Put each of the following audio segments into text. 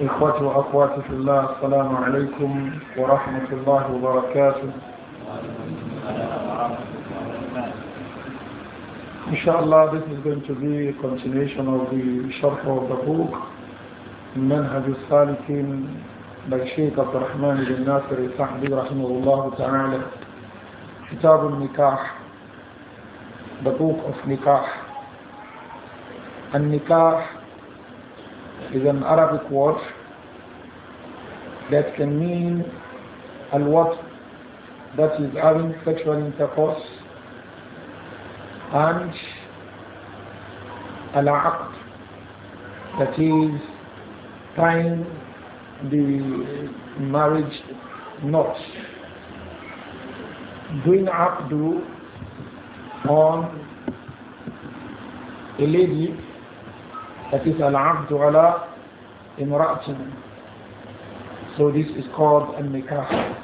إخوتي وأخواتي في الله السلام عليكم ورحمة الله وبركاته Inshallah, this is going to be a continuation of the Sharh of the book منهج السالكين by Sheikh عبد الرحمن بن ناصر الصحبي رحمه الله تعالى كتاب النكاح The book of Nikah النكاح is an Arabic word that can mean a that is having sexual intercourse, and al-aqd, is tying the marriage knot, doing abdu on a lady that is al-abdu ala So this is called al-nikah.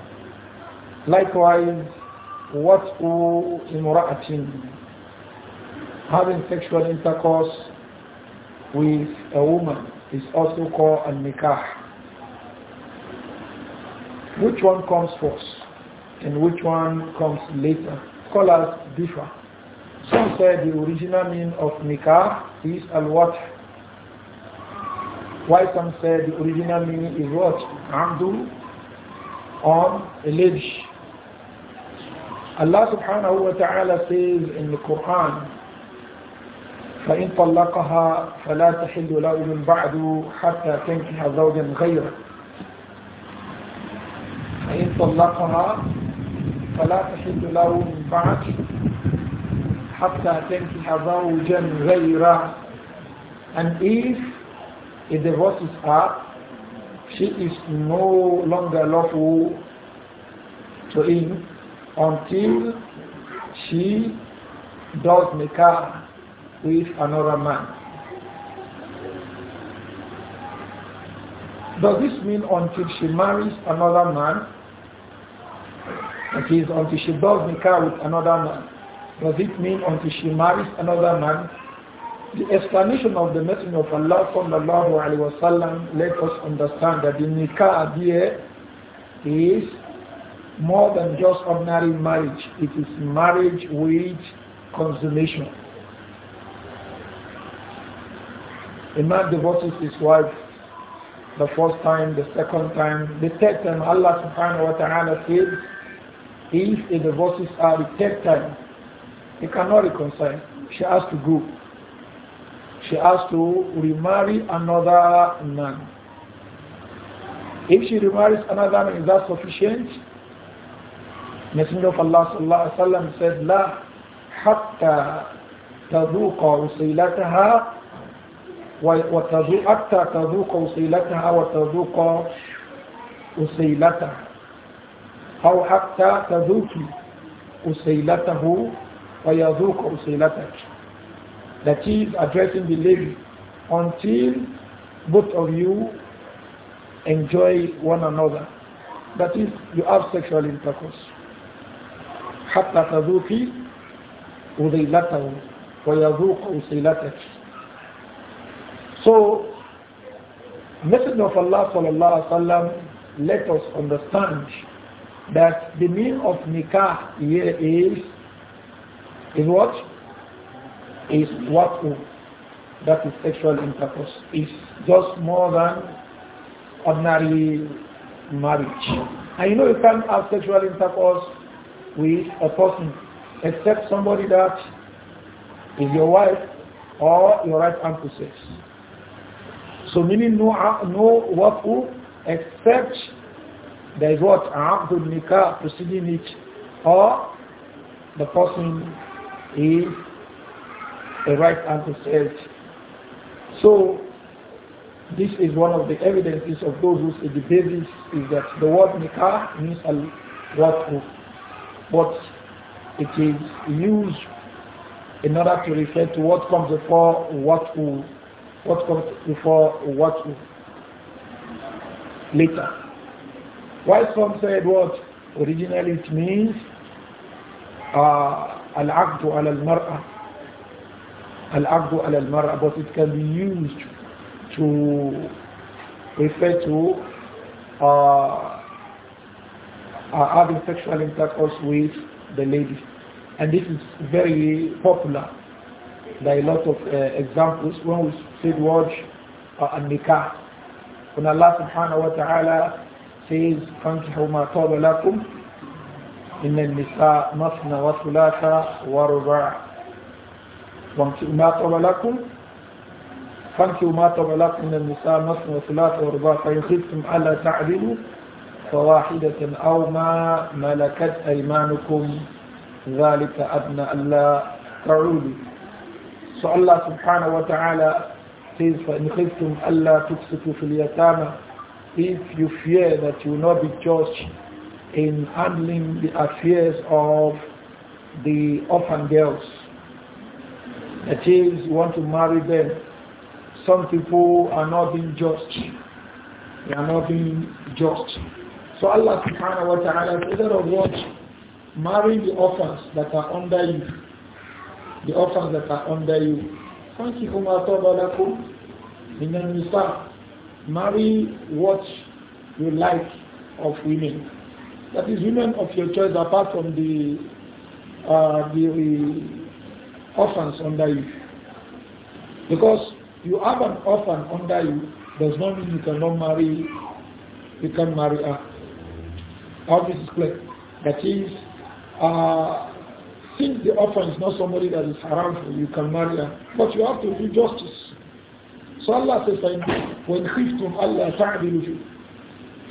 Likewise, wat'u imra'atin. Having sexual intercourse with a woman is also called al-nikah. Which one comes first and which one comes later? Scholars differ. Some say the original meaning of nikah is al-watah why some said the original meaning is what? Amdu on a ledge. Allah subhanahu wa ta'ala says in the Quran, فإن طلقها فلا تحل له من بعد حتى تَنْكِهَا زوجا غيره فإن طلقها فلا تحل له من بعد حتى تَنْكِهَا زوجا غيره and if he divorces her, she is no longer lawful to him until she does up with another man. Does this mean until she marries another man? That is, until she does up with another man. Does it mean until she marries another man? The explanation of the message of Allah sallallahu alaihi wasallam let us understand that the nikah here is more than just ordinary marriage. It is marriage with consummation. A man divorces his wife the first time, the second time, the third time. Allah subhanahu wa ta'ala says, if he divorces her the third time, he cannot reconcile. She has to go. she has to remarry another man. If she remarries another man, is that sufficient? Messenger of Allah sallallahu alayhi wa sallam said, لا حتى تذوق وصيلتها وتذوق حتى تذوق وصيلتها وتذوق وصيلتها أو حتى تذوق وصيلته ويذوق وصيلتك that is addressing the lady until both of you enjoy one another. That is, you have sexual intercourse. حتى تذوقي وذيلته ويذوق وسيلتك. So, Messenger of Allah sallallahu alaihi wasallam let us understand that the meaning of nikah here is is what is what that is sexual intercourse is just more than ordinary marriage. And you know you can't have sexual intercourse with a person except somebody that is your wife or your right hand possess. So meaning no no what? except there is what Abdul Nikah preceding it or the person is a right hand to So this is one of the evidences of those who say the basis is that the word nikah means al watu but it is used in order to refer to what comes before watu what comes before watu later. Why some said what originally it means uh, al-aqdu al-mar'ah al-abdu al-mara, but it can be used to refer to uh, uh, having sexual intercourse with the lady. And this is very popular. There are a lot of uh, examples when we say the word uh, nikah. When Allah subhanahu wa ta'ala says, فَانْكِحُوا مَا طَابَ لَكُمْ إِنَّ النِّسَاءَ مَثْنَ وَثُلَاثَ وَرُبَعَ وامسكوا ما طب لكم فانكوا ما طب لكم من النساء مثنى وثلاث ورباع فإن خفتم ألا تعدلوا فواحدة أو ما ملكت أيمانكم ذلك أدنى ألا تعودوا So Allah subhanahu wa ta'ala فَإِنْ خِفْتُمْ أَلَّا تُقْسِطُوا فِي الْيَتَامَى If you fear that you will not be judged in handling the affairs of the orphan girls, that is, you want to marry them. Some people are not being just. They are not being just. So Allah subhanahu wa ta'ala said of what? Marry the orphans that are under you. The orphans that are under you. Thank you, Umar In the marry what you like of women. That is women of your choice apart from the uh, the orphans under you. Because you have an orphan under you does not mean you cannot marry you can marry her. How this is clear. That is uh, since the orphan is not somebody that is haram for you, you can marry her. But you have to do justice. So Allah says when khiftum Allah ta'dilu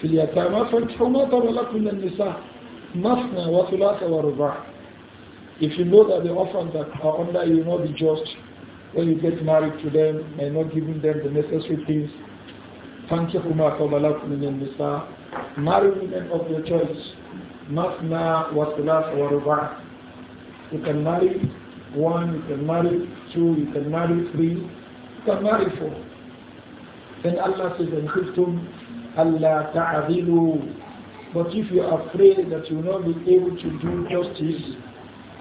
في اليتامى فانكحوا ما طر لكم من النساء مثنى وثلاث ورباع if you know that the orphans that are under you will not be just when you get married to them and not giving them the necessary things, فَانْكِحُمَا قَوْلَلَكُمْ مِنَ النِّسَاءِ Marry women of your choice. مَثْنَا وَثُلَاثَ وَرُبَعَ You can marry one, you can marry two, you can marry three, you can marry four. And Allah says, in Qur'an, Allah ta'adilu." But if you are afraid that you will not be able to do justice,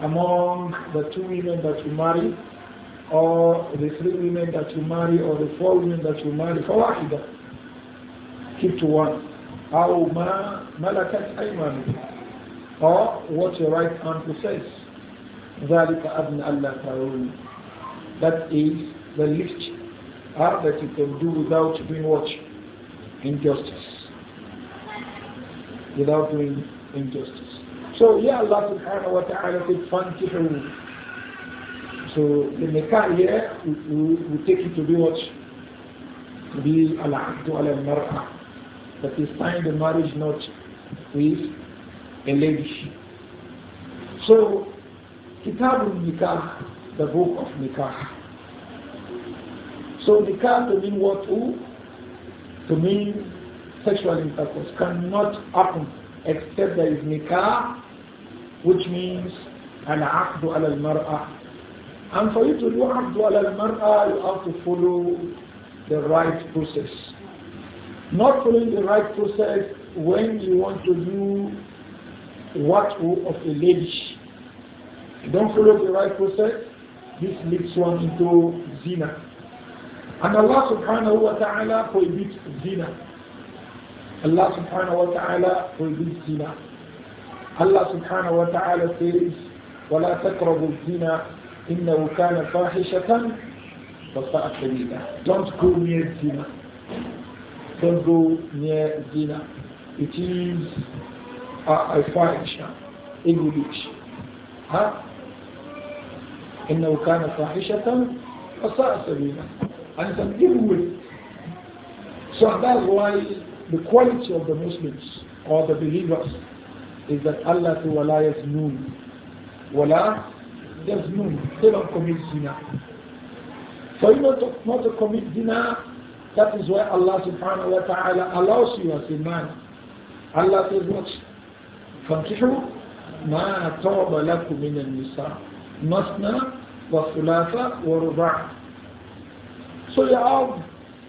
among the two women that you marry or the three women that you marry or the four women that you marry فواحدة keep to one أو ما ملكت or what your right hand says. ذلك ألا that is the list. uh, that you can do without doing what? Injustice. Without doing injustice. So yeah, Allah subhanahu wa ta'ala said, Fantihu. So the nikah here, we, we, we take it to be what? To be al-abdu al-mar'a. That is sign the marriage not with a lady. So, Kitab nikah the book of Nikah. So Nikah to mean what? Who? To mean sexual intercourse cannot happen except there is Nikah which means al-aqdu ala al-mar'a. And for you to do aqdu ala al-mar'a, you have to follow the right process. Not following the right process when you want to do what of a lady. don't follow the right process, this leads one into zina. And Allah subhanahu wa ta'ala prohibits zina. Allah subhanahu wa ta'ala prohibits zina. Allah subhanahu wa ta'ala says, وَلَا تَقْرَبُوا الزِّنَا إِنَّهُ كَانَ فَاحِشَةً وَسَاءَ سَبِيلًا Don't go near zina. Don't go near zina. It is a, a fahisha, evil Huh? إِنَّهُ كَانَ فَاحِشَةً وَسَاءَ سَبِيلًا And it's an evil way. So that's why the quality of the Muslims or the believers is that Allah to wala yaznun. Wala yaznun. They don't commit zina. For you not to, not to commit zina, that is why Allah subhanahu wa ta'ala allows you as a man. Allah says what? فَانْكِحُوا مَا طَوْبَ لَكُم مِنَ النِّسَاءِ مَثْنَى وَثُلَاثَ وَرُبَعَ So you have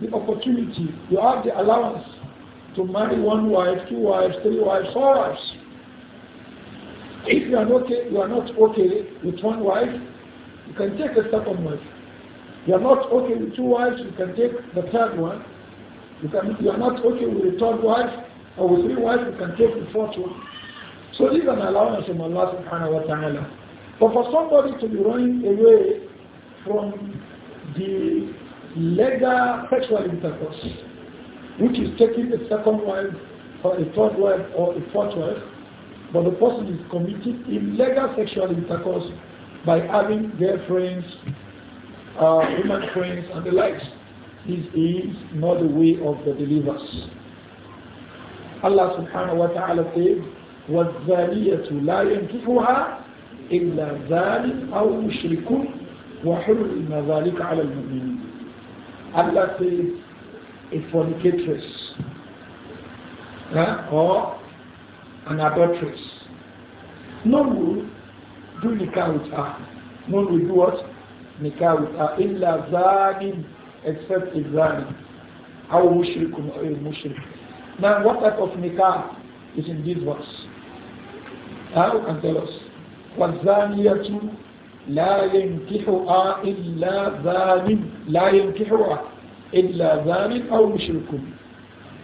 the opportunity, you have the allowance to marry one wife, two wives, three wives, four wives. If you are not okay, you are not okay with one wife, you can take a second wife. You are not okay with two wives, you can take the third one. You, can, you are not okay with the third wife or with three wives, you can take the fourth one. So these are an allowance from Allah subhanahu wa ta'ala. But for somebody to be running away from the legal sexual intercourse, which is taking a second wife or a third wife or a fourth wife, but the person is committing illegal sexual intercourse by having girlfriends, uh, women friends, and the likes. This is not the way of the believers. Allah subhanahu wa ta'ala says, وَالذَّالِيَةُ لَا يَنْكِفُهَا إِلَّا ذَالِكْ أَوْ مُشْرِكُونَ وَحُرِّمَ ذَلِكَ عَلَى الْمُؤْمِنِينَ Allah says, a fornicatress huh? or an No None will do nikah with her. None will do what? Nikah with her. Illa zanin, except a zanin. How mushrikun or mushrik. Now, what type of nikah is in this verse? Now, you can tell us. والزانية لا ينكحها إلا ذان لا ينكحها إلا ذان أو مشرك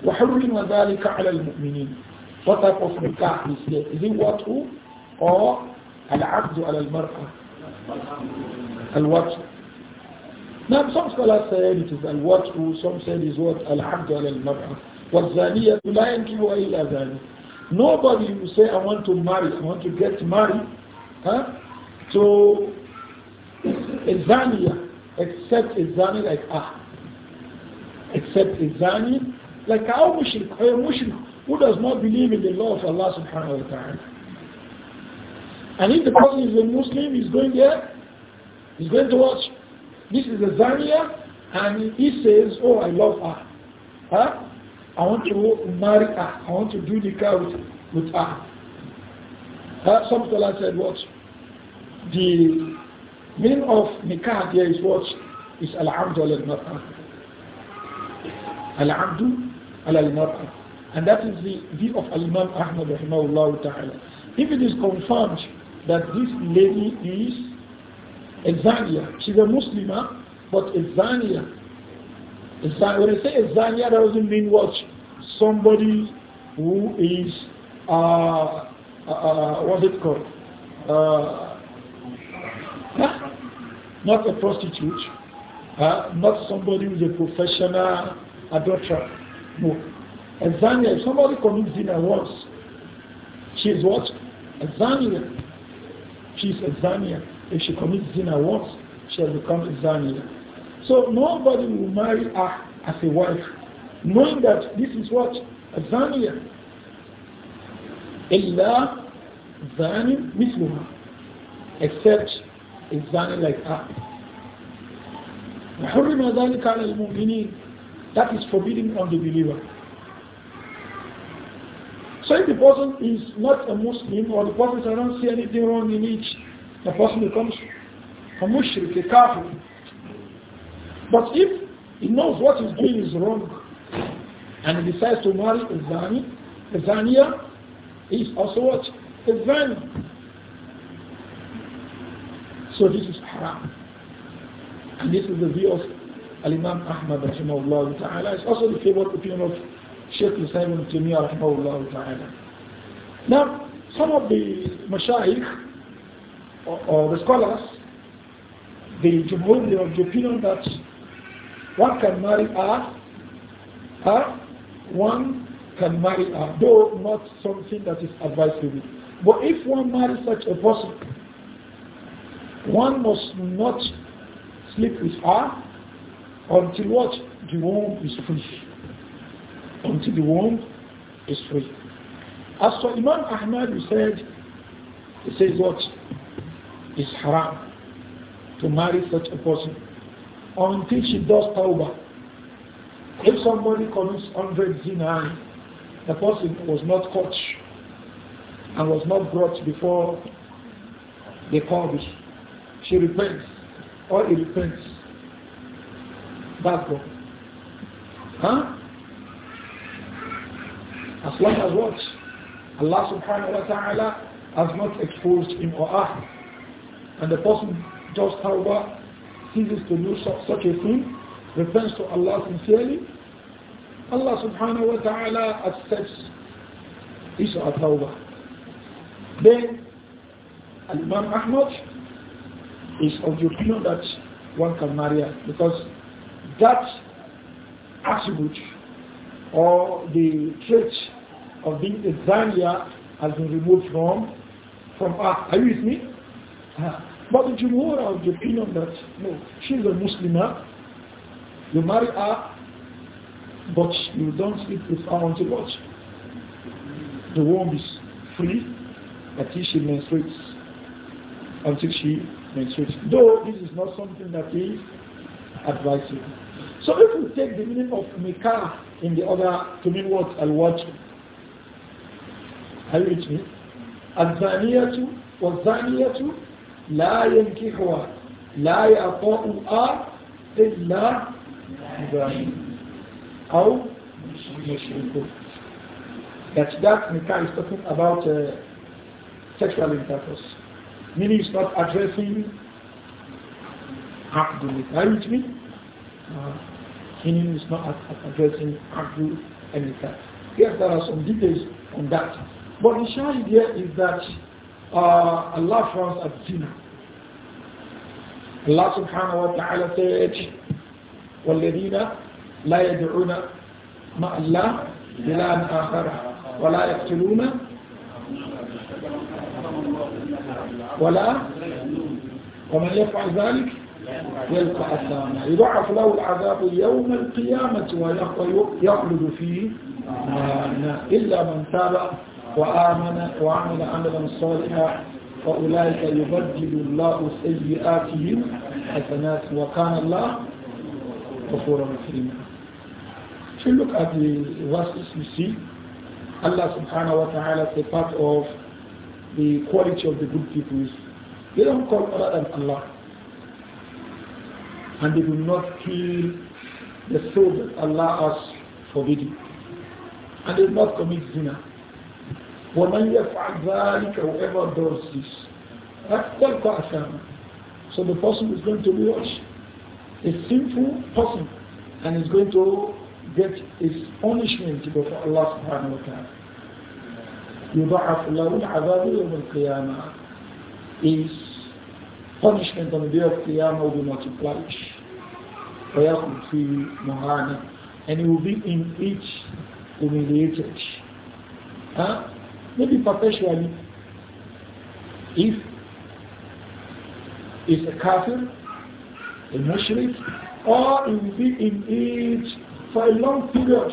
وحرم ذلك على المؤمنين What type of nikah is here? Is it watu or al-abdu al-mar'a? Al-watu. Now some scholars say it is some say it is what al-abdu al-mar'a. وَالزَّانِيَةُ لَا يَنْكِهُ إِلَّا ذَلِكَ Nobody will say, I want to marry, I want to get married huh, to a zaniya, except a zani like ah. Except a zani like our mushrik, a mushrik who does not believe in the law of Allah subhanahu wa ta'ala. And if the person is a Muslim, he's going there, he's going to watch. This is a Zania, and he says, oh, I love her. Huh? I want to marry her. I want to do the car with, with her. Huh? Some scholars said, what? The meaning of nikah here is what? Is al-amdu al-mar'a. Al-amdu al-mar'a. And that is the view of Imam Ahmad rahimahullah ta'ala. If it is confirmed that this lady is a Zania, she's a Muslimah, but a Zania. A Zania. When I say a Zania, that doesn't mean what? Somebody who is, uh, uh, uh what's it called? Uh, huh? not a prostitute, uh, not somebody who's a professional adulterer. No. A Zania, if somebody commits zina once, she is what? A Zania. She is a Zania. If she commits zina once, she has become a Zania. So nobody will marry her as a wife, knowing that this is what? A Zania. Ella zani مثلها except a like her. that is forbidden on the believer so if the person is not a Muslim or the person I do not see anything wrong in it, the person becomes a mushrik, a kafir. But if he knows what he's doing is wrong and he decides to marry a Zani, a Zania is also what? A Zani. So this is haram. And this is the view of Al-Imam Ahmad rahimahullah ta'ala. It's also the favorite opinion of Sheikh Islam ibn Taymiyyah rahimahullah ta'ala. Now, some of the mashayikh or, or the scholars, the Jumhur, they are the opinion that one can marry her, her, one can marry her, though not something that is advisable. But if one marries such a person, one must not sleep with her until what? The womb is free until the womb is free. As for Imam Ahmad, he said, he says what is haram to marry such a person until she does tawbah. If somebody commits 100 zina, the person was not caught and was not brought before the court. She repents or he repents. back all. Huh? As long as what? Allah subhanahu wa ta'ala has not exposed him or And the person just however ceases to do such a thing, returns to Allah sincerely, Allah subhanahu wa ta'ala accepts his or tawbah. Then Imam Ahmad is of the opinion that one can marry her because that attribute or the trait of being a Zania has been removed from from her. Are you with me? Uh, but the Jumhur are of the opinion that no, she's a Muslim, You marry her, but you don't sleep with her until what? The womb is free until she menstruates. Until she menstruates. Though this is not something that is advisable. So if we take the meaning of Mekah in the other to mean what? I'll watch. هل with me? الزانية والزانية لا ينكحها لا يعطوها إلا زاني أو مشركون That's that Nikah is talking about uh, sexual intercourse. Meaning it's not addressing Abdul Nikah. Are you with me? meaning it's not addressing Abdul Nikah. Yes, there are some details on that. But the challenge here is that uh, Allah frowns at zina. Allah subhanahu wa ta'ala said, وَالَّذِينَ لَا يَدْعُونَ مَا اللَّهِ إِلَىٰ أَنْ آخَرَ وَلَا يَقْتُلُونَ وَلَا ومن يفعل ذلك يلقى أثاما يضعف له العذاب يوم القيامة ويخلد فيه آه إلا من تاب وآمن وعمل عملا صالحا فأولئك يبدل الله سيئاتهم حسنات وكان الله غفورا رحيما If you look at the verses you see, Allah subhanahu wa ta'ala is a part of the quality of the good people. They don't call other than Allah. And they do not kill the soul that Allah has forbidden. And they do not commit zina. وَمَنْ يَفْعَلْ ذَلِكَ Whoever does this. تَلْقَى أَثَامًا So the person is going to be A sinful person and is going to get his punishment before Allah subhanahu wa ta'ala. يضعف له العذاب يوم القيامة His punishment on the day of Qiyamah will be multiplied. ويخلد في مهانة and he will be in each humiliated. Huh? maybe potentially, If it's a kafir, a mushrik, or it will be in it for a long period.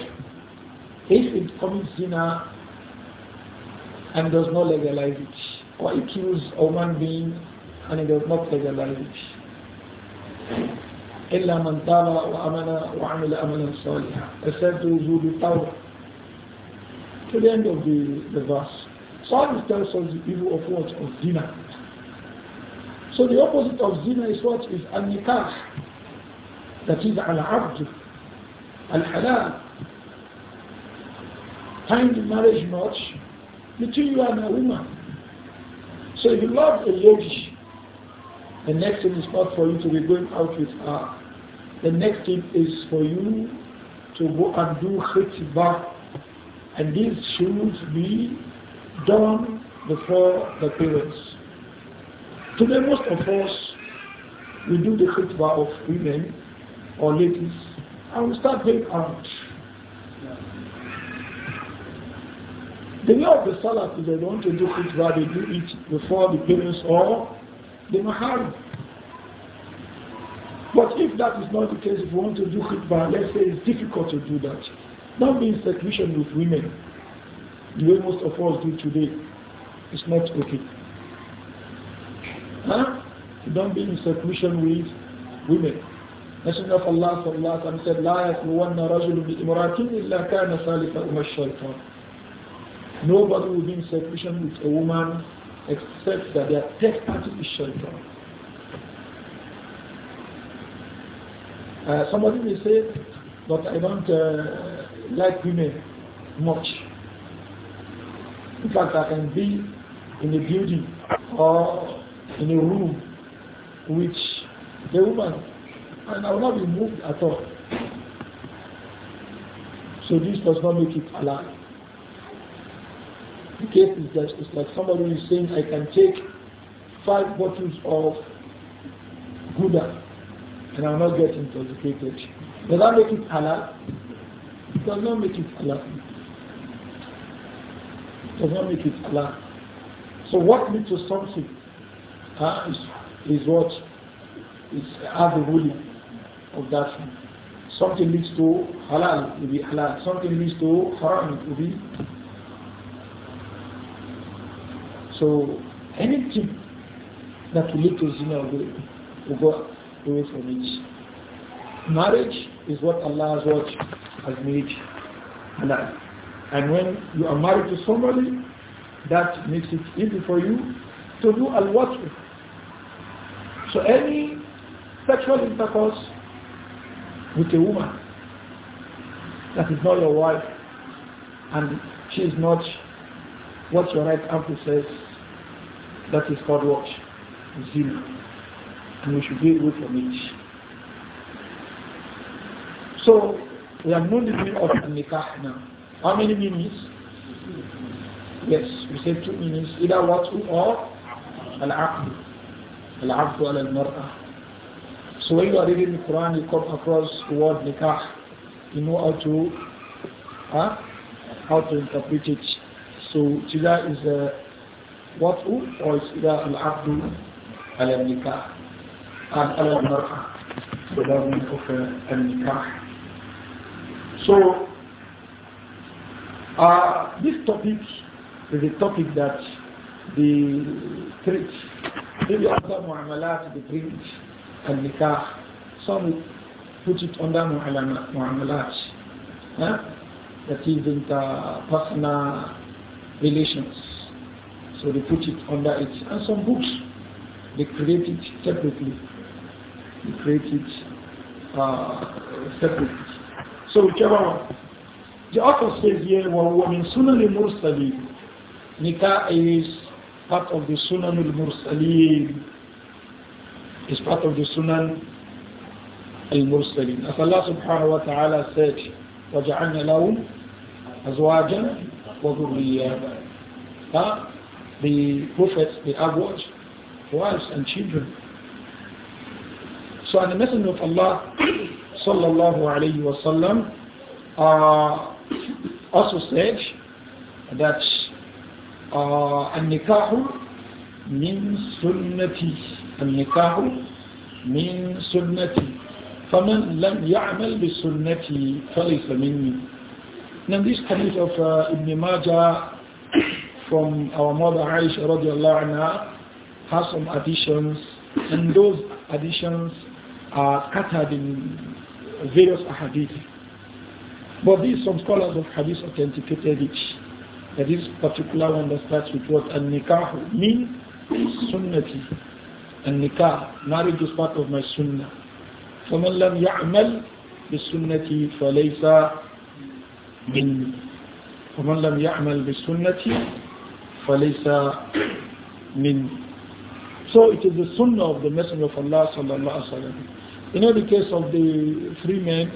If it commits zina and does not legalize it, or it kills a human being and it does not legalize it. إلا من تاب وأمن وعمل أملا صالحا except those who do tawbah to the end of the, the verse. So this tells us the evil of what? Of zina. So the opposite of zina is what? Is al-nikah. That is al-abd. Al-halal. Find the marriage not between you and a woman. So if you love a yogi, the next thing is not for you to be going out with her. The next thing is for you to go and do khitbah and these should be done before the parents. Today most of us, we do the khutbah of women or ladies and we start going out. The way of the Salaf is they don't do khutbah, they do it before the parents or the maharam. But if that is not the case, if you want to do khutbah, let's say it's difficult to do that. Not being seclusion with women, the way most of us do today, is not okay. Huh? Don't be in seclusion with women. Messenger of Allah sallallahu alaihi wasallam said, "لا يخلون رجل بامرأة إلا كان ثالثهما الشيطان." Nobody will be in seclusion with a woman except that their third party is shaitan. Uh, somebody may say, but I don't uh, like women much. In fact, I can be in a building or in a room which the woman, and I will not be moved at all. So this does not make it alive. The case is that it's like somebody is saying, I can take five bottles of Gouda and i will not get intoxicated. Does that make it alive? It does not make it clear. It does not make it clear. So what leads to something uh, is, is what is as the ruling of that thing. Something leads to halal, it will be halal. Something leads to haram, it will be. So anything that will lead to zina will go away from it. Marriage is what Allah has watched has made halal. And when you are married to somebody, that makes it easy for you to do al watr So any sexual intercourse with a woman that is not your wife and she is not what your right uncle says, that is called watch, Zina. And we should be away from it. So we have known the meaning of nikah now. How many meanings? Yes, we said two meanings. Either watu or al-aqd. Al-aqd al-mar'ah. So when you are reading the Quran, you come across the word nikah. You know how to huh? how to interpret it. So either is a watu or is either al-aqd al-nikah and al-mar'ah. So that means of al-nikah. So, uh, this topic is a topic that the treat, maybe under mu'amalat, the treat and nikah, some put it under mu'amalat. Huh? That is interpersonal relations. So they put it under it. And some books, they create it separately. They create it uh, separately. So whichever one. The author says here, وَهُوَ مِنْ سُنَنِ الْمُرْسَلِينَ Nikah is part of the Sunan al-Mursaleen. It's part of the Sunan al-Mursaleen. As Allah subhanahu wa ta'ala said, وَجَعَلْنَا لَهُمْ أَزْوَاجًا وَذُرِّيَّةً huh? The prophets, the have Wives and children. So and the Messenger of Allah sallallahu alayhi wa sallam uh, also said that uh, min sunnati سنتي النكاح من سنتي فمن لم يعمل بسنتي فليس مني Now this hadith of uh, Ibn Majah from our mother Aisha radiallahu anha has some additions and those additions are scattered in various ahadith. But these, some scholars of hadith authenticated it. That this particular one that starts with what An-Nikah means sunnati. An-Nikah, marriage is part of my sunnah. فَمَنْ لَمْ يَعْمَلْ بِالسُنَّةِ فَلَيْسَ مِنِّي فَمَنْ لَمْ يَعْمَلْ بِالسُنَّةِ فَلَيْسَ مِنِّي So it is the sunnah of the Messenger of Allah sallallahu alaihi wasallam. You know the case of the three men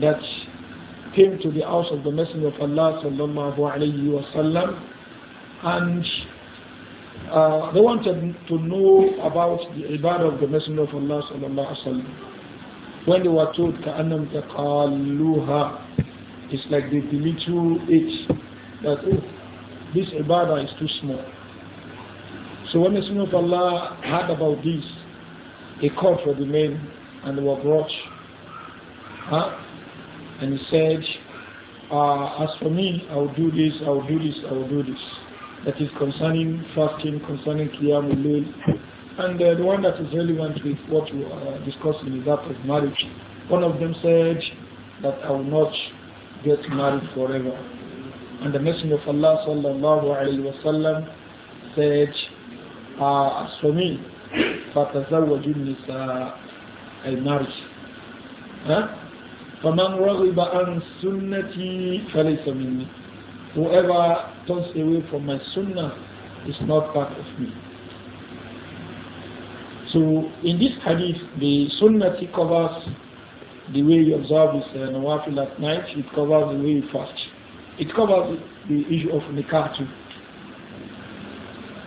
that came to the house of the Messenger of Allah sallallahu alayhi wasallam and uh, they wanted to know about the ibadah of the Messenger of Allah sallallahu alayhi wasallam. When they were told كَأَنَّمْ تَقَالُوهَا It's like they belittle it. That oh, this ibadah is too small. So when the Messenger of Allah heard about this, a call for the men and they were brought. Huh? And he said, uh, as for me, I will do this, I will do this, I will do this. That is concerning fasting, concerning Qiyamul And uh, the one that is relevant with what we are discussing is that of marriage. One of them said that I will not get married forever. And the Messenger of Allah sallallahu alayhi wa sallam said, uh, as for me, فَتَزَوَّجُ النساء المرج فمن رغب عن سنتي فليس مني whoever turns away from my sunnah is not part of me so in this hadith the sunnah covers the way you observe this uh, nawafil at night it covers the way you fast it covers the issue of nikah too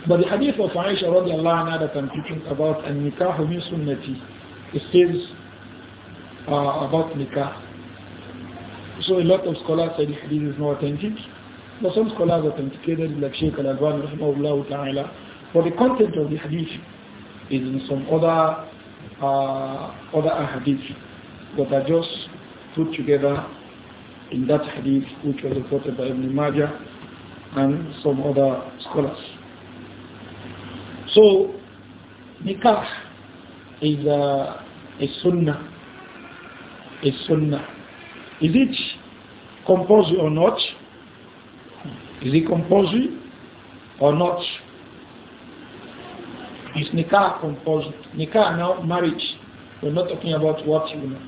but the hadith of Aisha radiallahu anha that I'm talking about, and Nikah, min sunnati, it says uh, about nikah. So a lot of scholars say the hadith is not authentic. But some scholars authenticated like Sheikh Al-Albani rahimahullah ta'ala. But the content of the hadith is in some other uh, other hadith that are just put together in that hadith which was reported by Ibn Majah and some other scholars. So nikah is a uh, a sunnah. A sunnah. Is it compulsory or not? Is it compulsory or not? Is nikah compulsory? Nikah now marriage. We're not talking about what you know.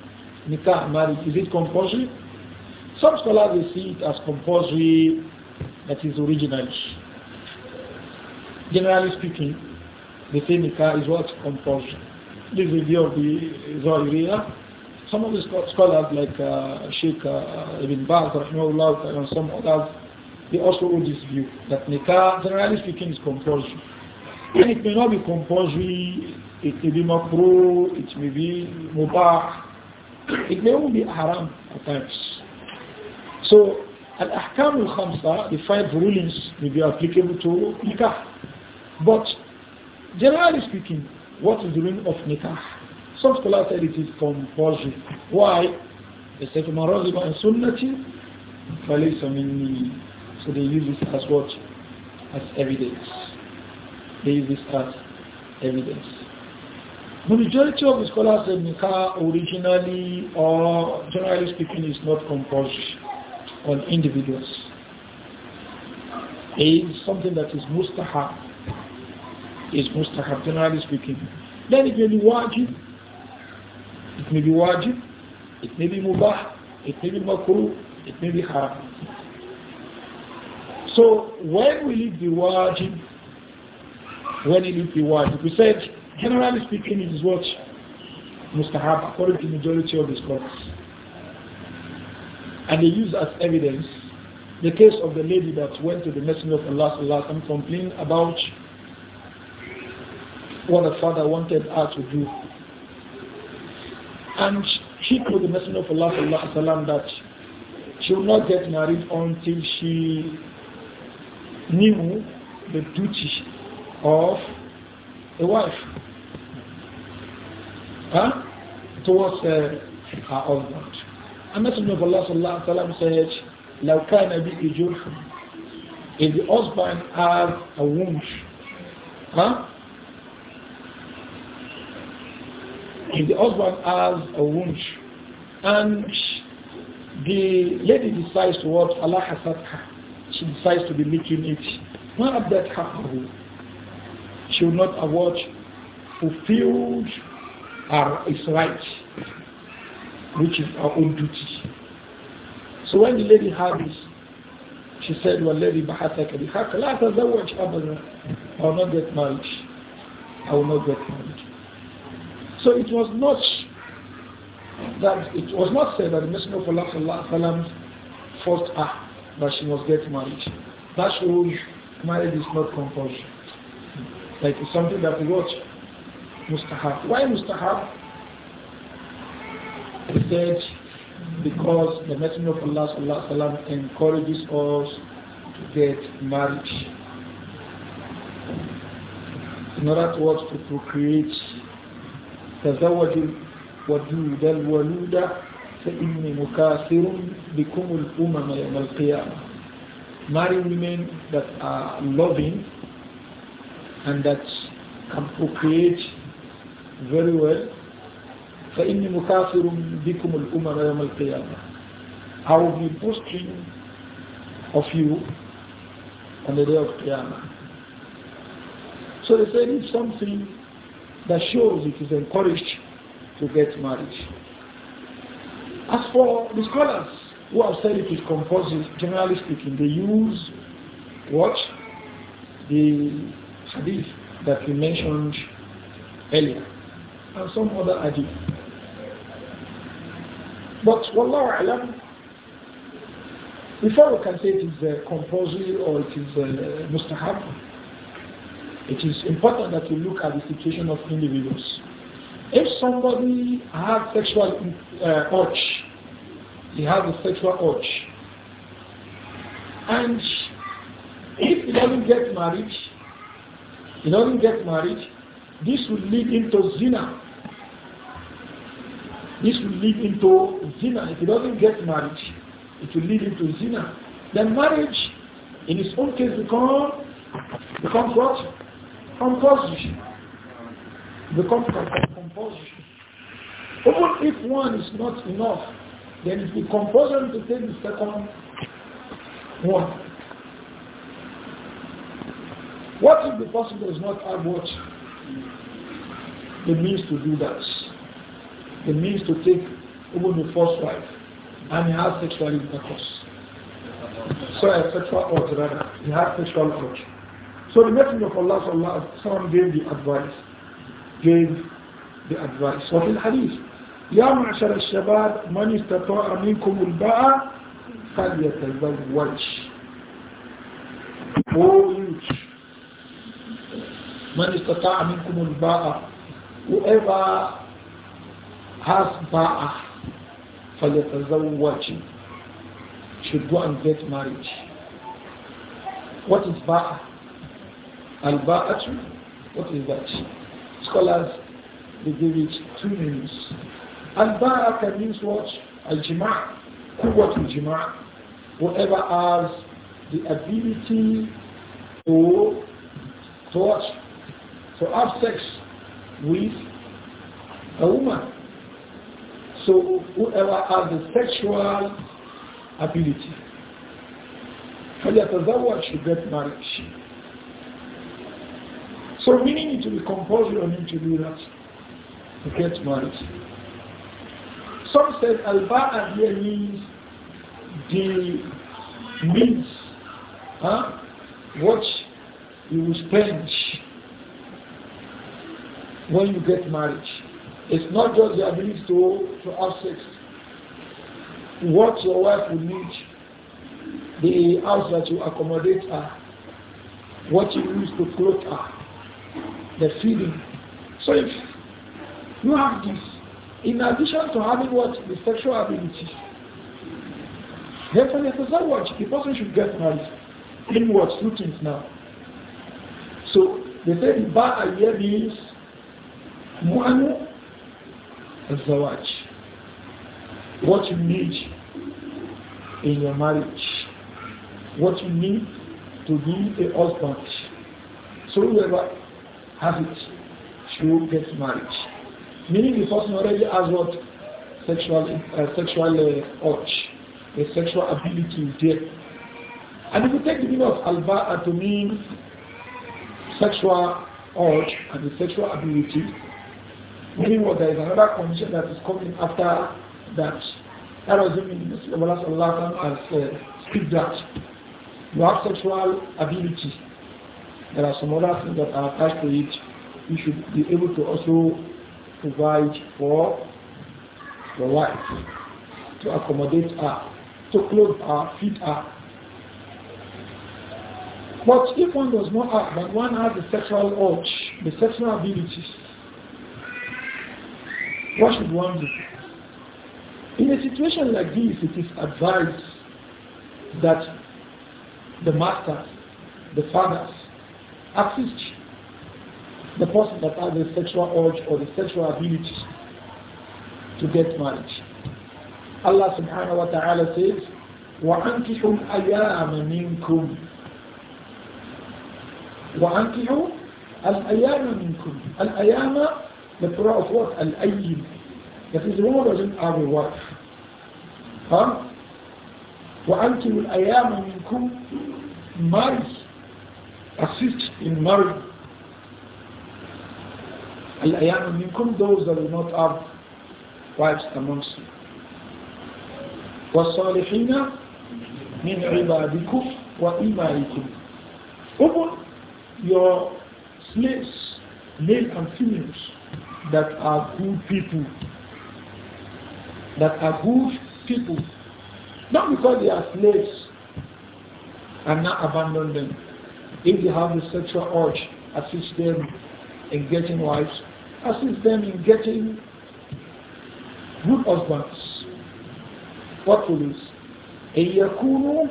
Nikah marriage. Is it compulsory? Some scholars they see it as compulsory that is originally. Generally speaking, the say nikah uh, is what? Compulsion. This is the view of the Zahiriya. Some of the scholars like uh, Sheikh uh, Ibn Baz, rahimahullah, and some others, they also hold this view that nikah, generally speaking, is compulsion. And it may not be compulsory, it may be makruh, it may be mubah, it may even be haram at times. So, al-ahkam al-khamsa, the five rulings may be applicable to nikah. But Generally speaking, what is the ruling of nikah? Some scholars said it is compulsory. Why? They said, "Man raghiba an sunnati, So they use this as what? As evidence. They use this as evidence. The majority of the scholars said nikah originally or generally speaking is not compulsory on individuals. It is something that is mustahab is mustahab, generally speaking. Then it may be wajib, it may be wajib, it may be mubah, it may be makruh, it may be haram. So when will it be wajib, when will it be wajib, we said, generally speaking, it is what mustahab according to the majority of the scholars. And they use as evidence the case of the lady that went to the Messenger of Allah and complained about what the father wanted her to do. And she told the Messenger of Allah وسلم, that she would not get married until she knew the duty of a wife huh? towards uh, her husband. And Messenger of Allah sallallahu alaihi wasallam said, "لو كان بي if the husband has a wound, huh? If the husband has a wound and the lady decides to what Allah has her, she decides to be making it, not that that happen. She will not award fulfilled her rights, right, which is our own duty. So when the lady had this, she said, وَالَّذِي بَحَثَكَ بِحَقَ لَا تَزَوَّجْ أَبَدًا I will not get married. I will not get married. So it was not that it was not said that the Messenger of Allah forced her that she must get married. That shows marriage is not compulsory. Like it's something that we watch. Mustahab. Why mustahab? He said because the Messenger of Allah sallallahu encourages us to get married. In order to, to procreate تزوجوا الودود الولود فإني مكاثر بكم الأمم يوم القيامة marry women that are loving and that can procreate very well فإني مكاثر بكم الأمم يوم القيامة I will be boasting of you on the day of Qiyamah. So they said if something that shows it is encouraged to get married. As for the scholars who have said it is compulsory, generally speaking, they use what? The hadith that we mentioned earlier and some other hadith. But Wallahu Alam, before we can say it is uh, compulsory or it is uh, mustahab, it is important that you look at the situation of individuals. If somebody has sexual uh, urge, he has a sexual urge, and if he doesn't get married, he doesn't get married, this will lead into zina. This will lead into zina. If he doesn't get married, it will lead into zina. Then marriage, in its own case, becomes becomes what? Composition. The compulsory. of composition. Even if one is not enough, then it's the composition to take the second one. What if the person does not have what? The means to do that. The means to take even the first wife and he has sexual intercourse. So a sexual urge rather. He has sexual urge. So the Messenger of Allah sallallahu sallam, gave the advice. Gave the advice. So in hadith, يا معشر الشباب من استطاع منكم الباء فليتزوج. Oh youth, من استطاع منكم الباء whoever has باء فليتزوج should go and get married. What is ba'a? Al-Ba'atu, what is that? Scholars, they give it two names. Al-Ba'ata means what? Al-Jima' Quwwat Jima' whoever has the ability to to what? To have sex with a woman. So whoever has the sexual ability. what you get married. So we need to be composed on need to do that, to get married. Some said al-ba'a here means the means, huh? what you will spend when you get married. It's not just the ability to, to have sex. What your wife will need, the house that you accommodate her, what you use to clothe her, the feeling. So if you have this, in addition to having what? The sexual ability. Therefore, what The person should get married. In what? Two things now. So they say the bar year means mu'anu watch. What you need in your marriage. What you need to be a husband. So whoever have it, through get married. Meaning the person already has what? Sexual, uh, sexual uh, urge, the sexual ability is there. And if you take the meaning of alba to mean sexual urge and the sexual ability, meaning what there is another condition that is coming after that. That doesn't mean the Allah has uh, said, speak that. You have sexual ability there are some other things that are attached to it. You should be able to also provide for your wife, to accommodate her, to clothe her, feed her. But if one does not have, but one has the sexual urge, the sexual abilities, what should one do? In a situation like this, it is advised that the masters, the fathers, assist the person that has the sexual urge or the sexual ability to get married. Allah subhanahu wa ta'ala says, وَأَنْكِحُوا الْأَيَامَ مِنْكُمْ وَأَنْكِحُوا الْأَيَامَ مِنْكُمْ الْأَيَامَ the plural of what? Al-ayyim. That is the one who doesn't have a wife. Huh? وَأَنْكِحُوا مِنْكُمْ assist in marriage. Al-ayam minkum, those that do not have wives amongst you. وَالصَّالِحِينَ مِنْ عِبَادِكُمْ وَإِمَائِكُمْ Open your slaves, male and females, that are good people. That are good people. Not because they are slaves and not abandon them. If they have the sexual urge, assist them in getting wives, assist them in getting good husbands. What will this? يكونوا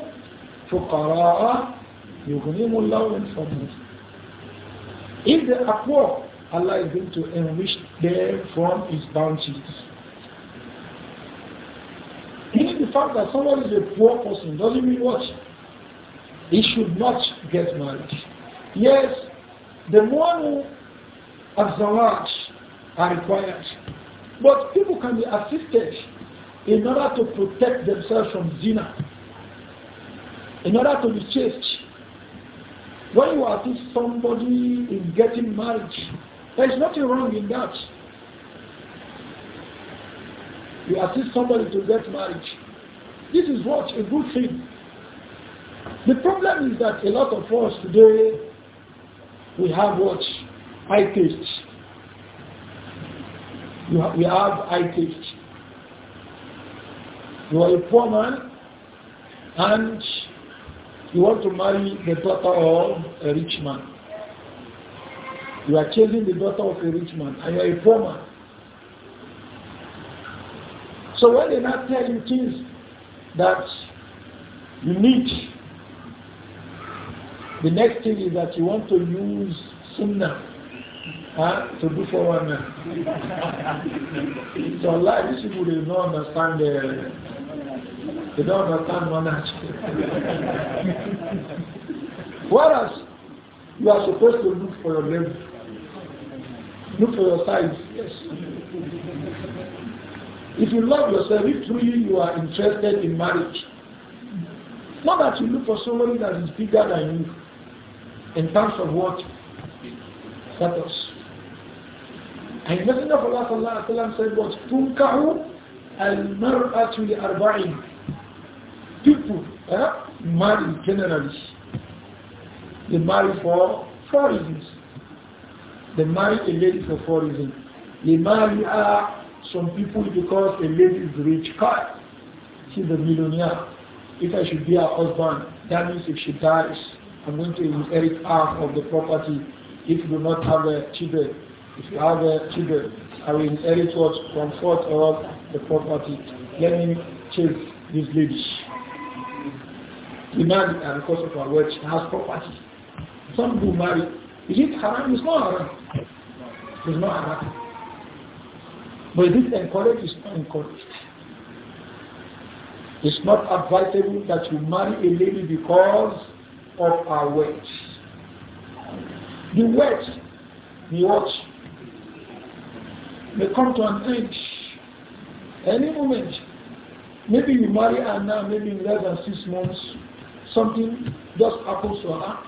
فقراء الله من فضله. If they are poor, Allah is going to enrich them from His bounties. Meaning the fact that someone is a poor person doesn't mean what? he should not get married. Yes, the money of the Zawaj are required. But people can be assisted in order to protect themselves from zina, in order to be chaste. When you assist somebody in getting married, there is nothing wrong in that. You assist somebody to get married. This is what a good thing. The problem is that a lot of us today, we have what? High taste. we have high taste. You are a poor man and you want to marry the daughter of a rich man. You are chasing the daughter of a rich man and you are a poor man. So when they not tell you things that you need the next thing is that you want to use sunnah huh, to do for one man. so Allah, these people they don't understand the, uh, they don't understand manage. Whereas you are supposed to look for your man? look for your size. Yes. If you love yourself, if truly you are interested in marriage, not that you look for somebody that is bigger than you in terms of what? Status. And Messenger of Allah sallallahu alayhi wa said what? تُنْكَعُ الْمَرْأَةُ arba'in." People uh, marry generally. They marry for four reasons. They marry a lady for four reasons. They marry uh, some people because a lady is rich. God, she's a millionaire. If I should be her husband, that means if she dies, I'm going to inherit half of the property if you do not have a children. If you have a children, I will inherit what from fourth of the property. Let me chase this lady. The man, uh, because of her wealth, has property. Some who marry. Is it haram? It's not haram. It's not haram. But this encourage is not encouraged. It's not advisable that you marry a lady because of our words. The words, the words, may come to an end any moment. Maybe you marry her now, maybe in less than six months, something just happens to her,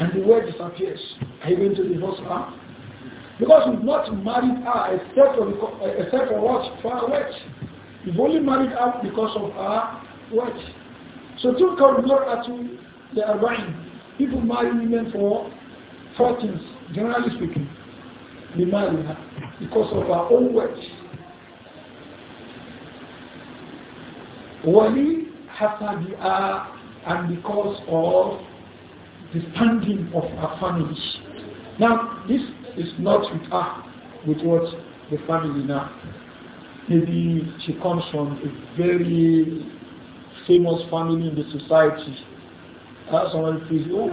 and the word disappears. Are you going to divorce her? Because you've not married her except for, the, except for what? For her words. You've only married her because of her words. So two They are buying people marry women for fortunes, generally speaking. They marry her because of her own words. Wali Hasabi'a and because of the standing of her family. Now, this is not with her, with what the family now. Maybe she comes from a very famous family in the society. Uh, someone says, oh,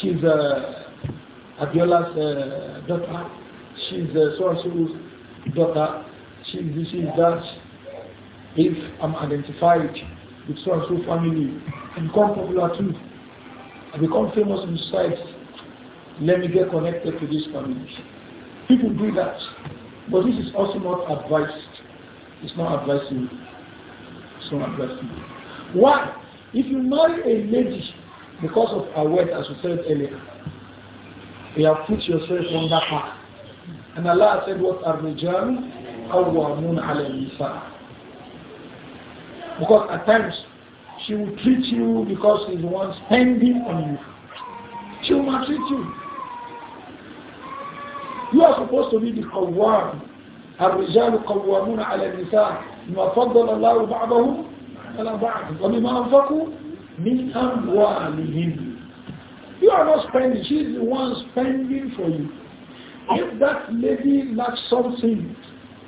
she's uh, Abiola's uh, daughter, she's uh, so and so's daughter, she's this, she's that. If I'm identified with so and so family, I become popular too. I become famous in society. Let me get connected to this family. People do that. But this is also not advised. It's not advisable so and Why? If you marry a lady because of her wealth, as we said earlier, you have put yourself on that path. And Allah said, What are Rijal? Qawwamun ala nisa. Because at times, she will treat you because she's the one spending on you. She will maltreat you. You are supposed to be the Qawwam. الرجال قوامون على النساء الله بعضهم على بعض وبما أنفقوا من أموالهم You are not spending. She is the one spending for you. If that lady lacks something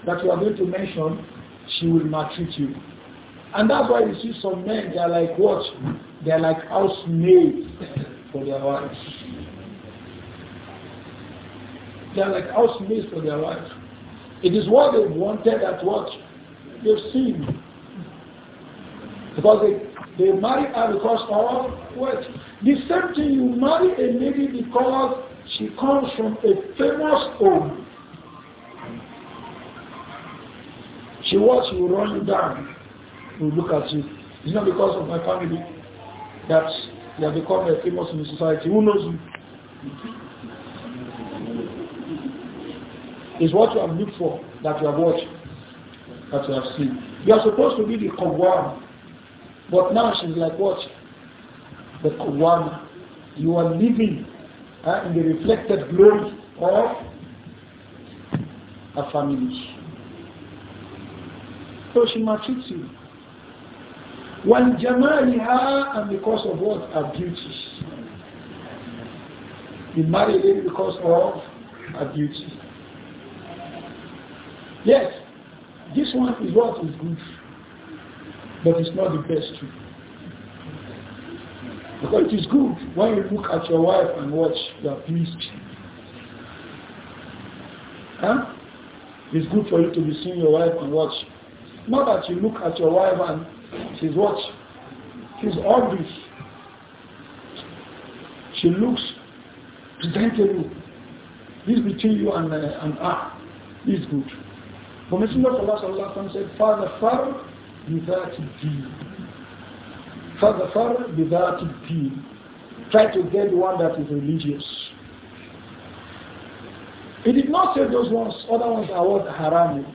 that you are going to mention, she will maltreat you. And that's why you see some men, they are like what? They are like housemaids for their wives. They are like housemaids for their wives. It is what they wanted at what they've seen Because they, they marry her because of what? The same thing you marry a lady because she comes from a famous home. She wants you run you down. to look at you. It's not because of my family that you have become a famous in society. Who knows you? It's what you have looked for that you have watched that you have seen. You are supposed to be the Qawwam. But now she's like what? The Qawwam. You are living uh, in the reflected glory of a family. So she maltreats you. When jamaliha and because of what? Her beauty. You marry a because of her beauty. Yes, this one is what is good, but it's not the best. Because it is good when you look at your wife and watch, your are Huh? It's good for you to be seeing your wife and watch. Not that you look at your wife and she's watching. She's obvious. She looks presentable. This between you and, uh, and her is good. For Messenger of Allah said, Father far without deed. Father far without deed. Try to get the one that is religious. He did not say those ones, other ones are what haram.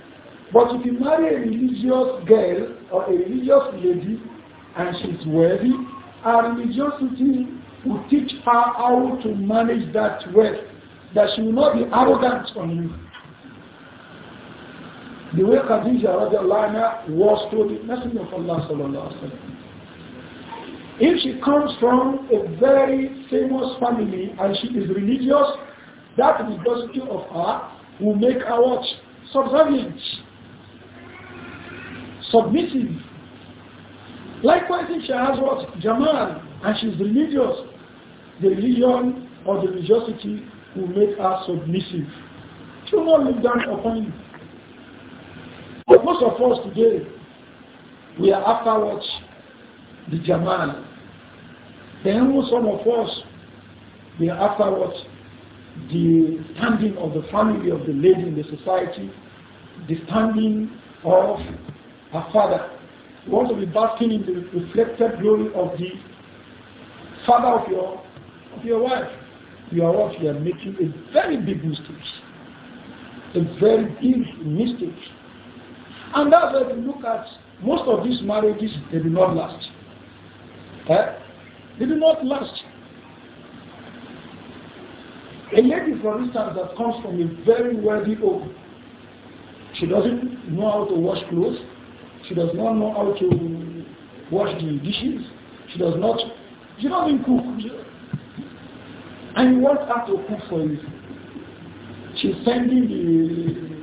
But if you marry a religious girl or a religious lady and she's worthy, her religiosity will teach her how to manage that wealth, that she will not be arrogant on you. The way Khadija radiallahu was to the Messenger of Allah sallallahu alaihi wasallam. If she comes from a very famous family and she is religious, that religiosity of her will make her what? Subservient. Submissive. Likewise, if she has what? Jamal, and she is religious, the religion or the religiosity will make her submissive. She will not look down upon you. But most of us today, we are afterwards the Jamal. Then some of us, we are afterwards the standing of the family of the lady in the society, the standing of her father. We want to be basking in the reflected glory of the father of your of your wife. You are what you are making a very big mistake. A very big mistake. And that's why you look at most of these marriages, they do not last. Eh? They do not last. A lady, for instance, that comes from a very wealthy home, she doesn't know how to wash clothes, she does not know how to wash the dishes, she does not, she doesn't cook. And you want her to cook for you. She's sending the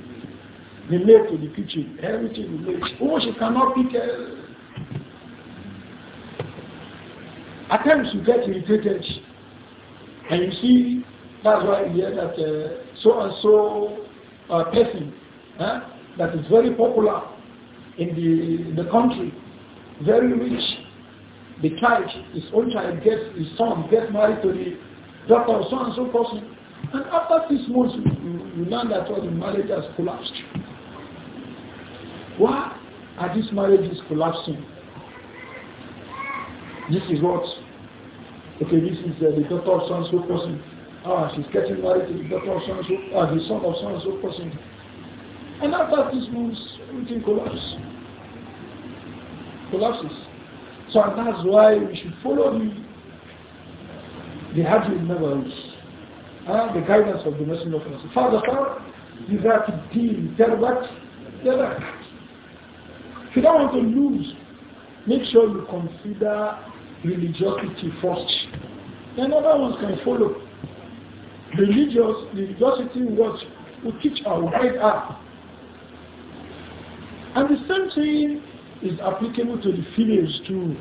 relate to the kitchen. Everything relates. Oh, she cannot pick a... At times you get irritated and you see that's why you hear that uh, so and so uh, person huh, that is very popular in the, in the country, very rich, the child, his own child gets, his son gets married to the doctor, so and so person. And after six months, you, you learn that all the marriage has collapsed. Why are these marriages collapsing? This is what, okay, this is uh, the daughter of so so person. Ah, she's getting married to the daughter of so so ah, the son of so-and-so person. And after this months, everything collapses. Collapses. So and that's why we should follow the the hadith never uh, the guidance of the Messenger of Allah. Father, فَذَكَرْ إِذَا deal? تَرْبَتْ يَدَكَ if you don't want to lose, make sure you consider religiosity first. Then other ones can follow. Religious, religiosity what we teach our guide up. And the same thing is applicable to the females too.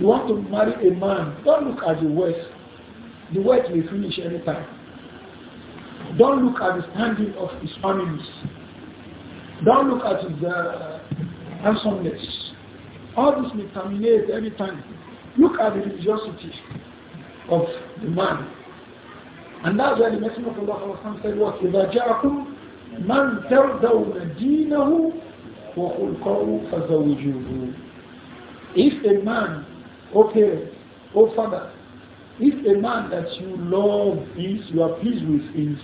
You want to marry a man, don't look at the wealth. The wealth will finish anytime. Don't look at the standing of his families. Don't look at his uh, handsomeness. All this may terminate every time. Look at the religiosity of the man. And that's why the Messenger of Allah said, What is Ajakum? Man terdawna dinahu wa ulqahu fazawjuhu. If a man, okay, oh father, if a man that you love is, you are pleased with is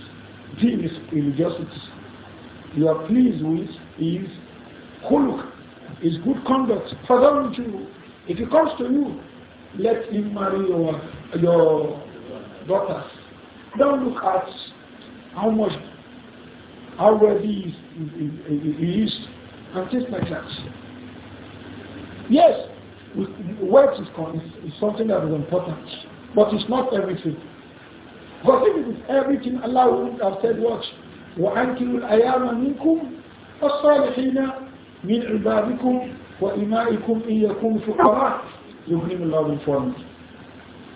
deen is religiosity, you are pleased with is khuluq, is good conduct. Father, if it comes to you, let him marry your, your daughters. Don't look at how much, how ready he is, and take my chance. Yes, wealth is, is, something that is important, but it's not everything. Because if it is everything, Allah would have said, watch, وَأَنْكِرُوا الْأَيَامَ مِنْكُمْ وَالصَّالِحِينَ من عبادكم وإمائكم إن يكونوا فقراء يغنم الله من فضله.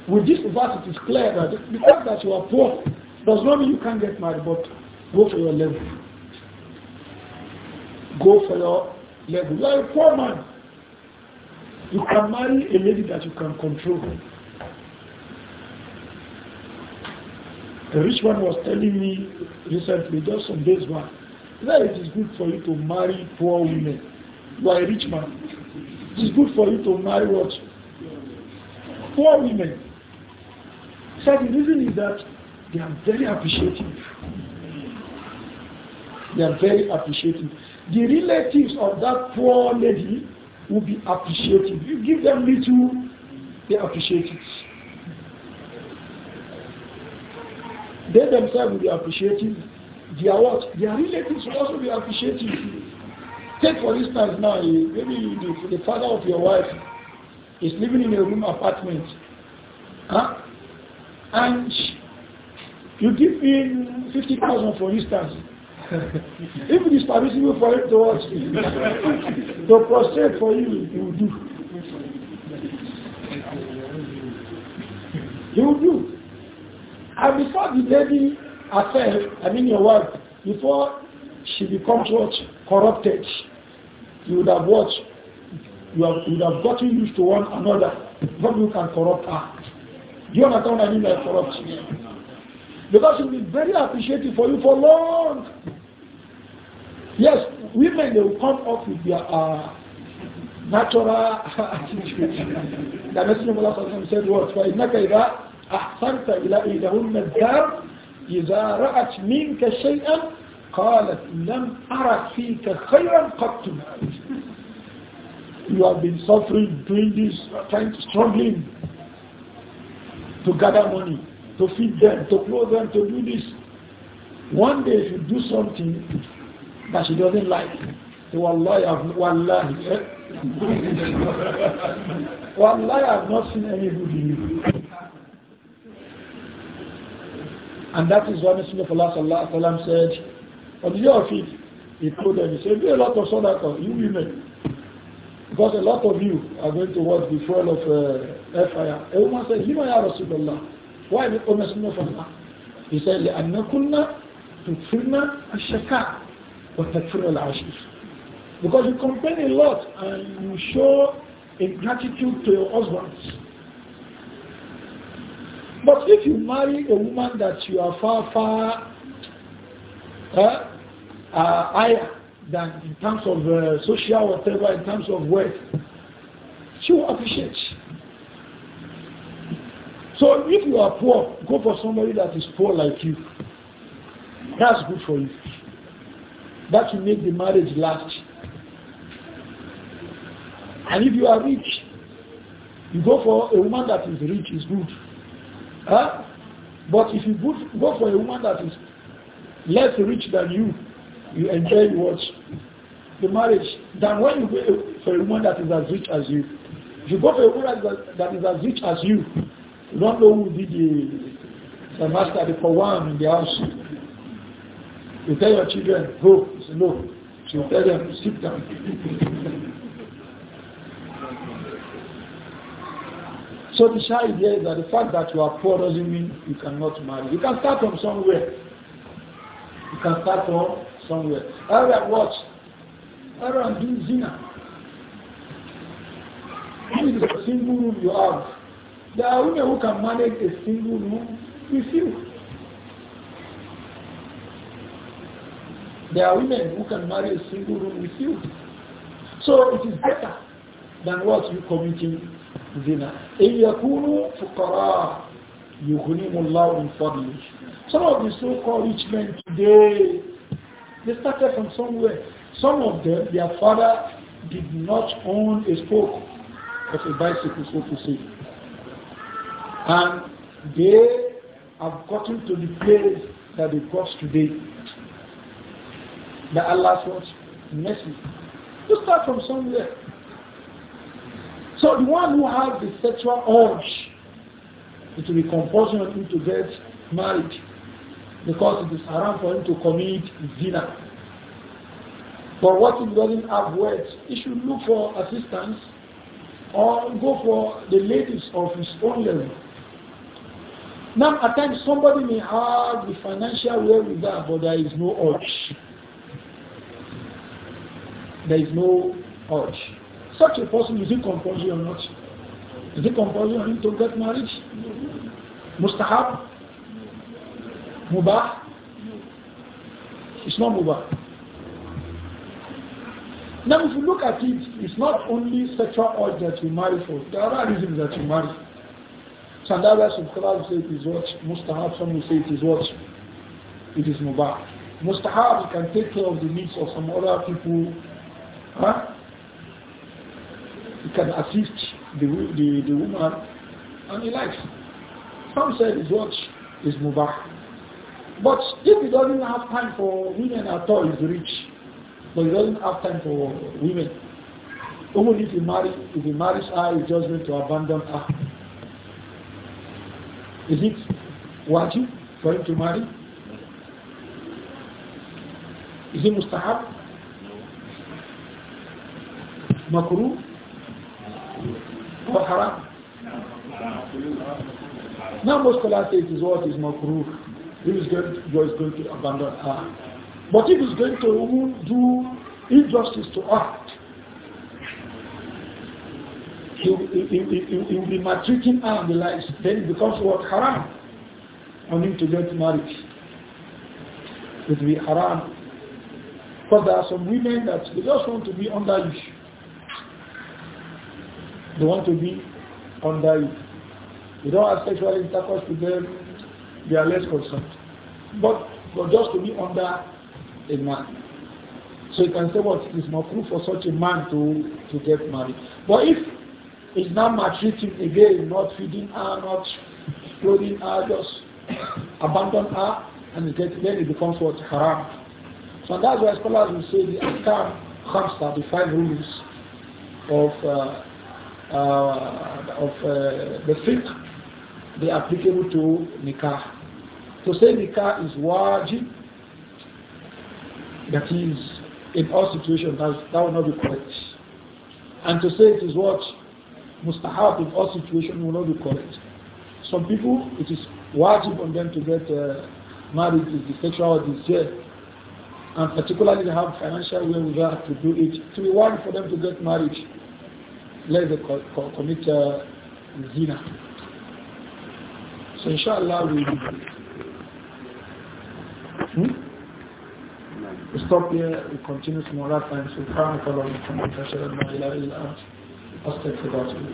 With this verse it is clear that the fact that you are poor does not mean you can't get married but go for your level. Go for your level. You are a poor man. You can marry a lady that you can control. The rich one was telling me recently, just some days back, where it is good for you to marry poor women. You are a rich man. It is good for you to marry what? Poor women. So the reason is that they are very appreciative. They are very appreciative. The relatives of that poor lady will be appreciative. You give them little, they appreciate it. They themselves will be appreciative their what? Their relatives will also be appreciating Take for instance now, eh, maybe the, the father of your wife is living in a room apartment. Huh? And you give him 50,000 for instance. if it is permissible for him to watch, to prostrate for you, he will do. He will do. And before the lady affair, I mean your wife, before she becomes what? Corrupted. You would have what? You, have, you would have gotten used to one another. But you can corrupt her. Do you understand what I mean by corrupt? Because she will be very appreciative for you for long. Yes, women, they will come up with their uh, natural attitude. the Messenger of Allah said what? فَإِنَّكَ إِذَا أَحْسَنْتَ إِلَى إِلَهُنَّ الدَّارِ إذا رأت منك شيئا قالت لم أرى فيك خيرا قط You have been suffering, doing this, trying to struggling to gather money, to feed them, to clothe them, to do this. One day if you do something that she doesn't like, say, Wallahi, i wallahi, eh? wallahi, I've not seen any good in you. And that is why Messenger of Allah sallallahu alayhi wa said, on the day of it, he told them, he said, do a lot of sadaqah, you women. Because a lot of you are going to watch the fall of uh, fire. A woman said, Lima ya Rasulullah. Why the Messenger of Allah? He said, لأنكنا تكفرنا الشكاء وتكفرنا العشير. Because you complain a lot and you show ingratitude to your husbands. But if you marry a woman that you are far, far uh, uh, higher than in terms of uh, social whatever, in terms of wealth, she will appreciate. So if you are poor, go for somebody that is poor like you. That's good for you. That will make the marriage last. And if you are rich, you go for a woman that is rich is good. Huh? But if you go for a woman that is less rich than you, you enjoy what? The marriage. Than when you go for a woman that is as rich as you. If you go for a woman that is as rich as you, you don't know who did the, the master, the Quran in the house. You tell your children, go. You say, no. She will tell them, sit down. So the shy idea is that the fact that you are poor doesn't mean you cannot marry. You can start from somewhere. You can start from somewhere. Aaron what? Aaron do zina. It is a single room you have. There are women who can manage a single room with you. There are women who can marry a single room with you. So it is better than what you committing zina. If yakunu fuqara, yughnimullahu min fadlih. Some of the so-called rich men today, they started from somewhere. Some of them, their father did not own a spoke of a bicycle, so to say. And they have gotten to the place that they got today. That Allah wants, mercy. You start from somewhere. So the one who has the sexual urge, it will be compulsory him to get married because it is haram for him to commit zina. But what if he doesn't have words, he should look for assistance or go for the ladies of his own level. Now, at times, somebody may have the financial that, but there is no urge. There is no urge. Such a person, is it compulsory or not? Is it compulsory on him to get married? Mustahab? Mubah? It's not mubah. Now, if you look at it, it's not only sexual urge that you marry for. There are reasons that you marry. Some others will say it is what? Mustahab, some will say it is what? It is mubah. Mustahab, you can take care of the needs of some other people. Huh? He can assist the, the, the woman and he likes. Some say his watch is mubah. But if he doesn't have time for women at all, he's rich. But he doesn't have time for women. Even if he marries, if he marries her, he's just going to abandon her. Is it wajib for him to marry? Is it mustahab? Makruh? or haram? Now most scholars say it is what is makruh. He is going to, is going to abandon her. But if he is going to do injustice to her, he, he, he, he will be maltreating her and the likes. Then it becomes what? Haram on him to get married. It will be haram. Because there are some women that they just want to be under you. They want to be under it. You don't have sexual intercourse with them. They are less concerned. But, but just to be under a man. So you can say what well, it is not proof for such a man to, to get married. But if it's not maltreating again, not feeding her, not clothing her, just abandon her, and get, then it becomes what? Haram. So that's why scholars will say the Ahkam hamster, the five rules of uh, uh, of uh, the fiqh, they are applicable to nikah. To say nikah is wajib, that is, in all situations, that, that will not be correct. And to say it is what? Mustahab in all situations will not be correct. Some people, it is wajib on them to get uh, married is the sexual desire, and particularly they have financial wherewithal to do it. To be hard for them to get married leze kwa kumita zina so insha hmm? we stop here we continue some more time come follow me from the pressure of my love I'll stay for God to you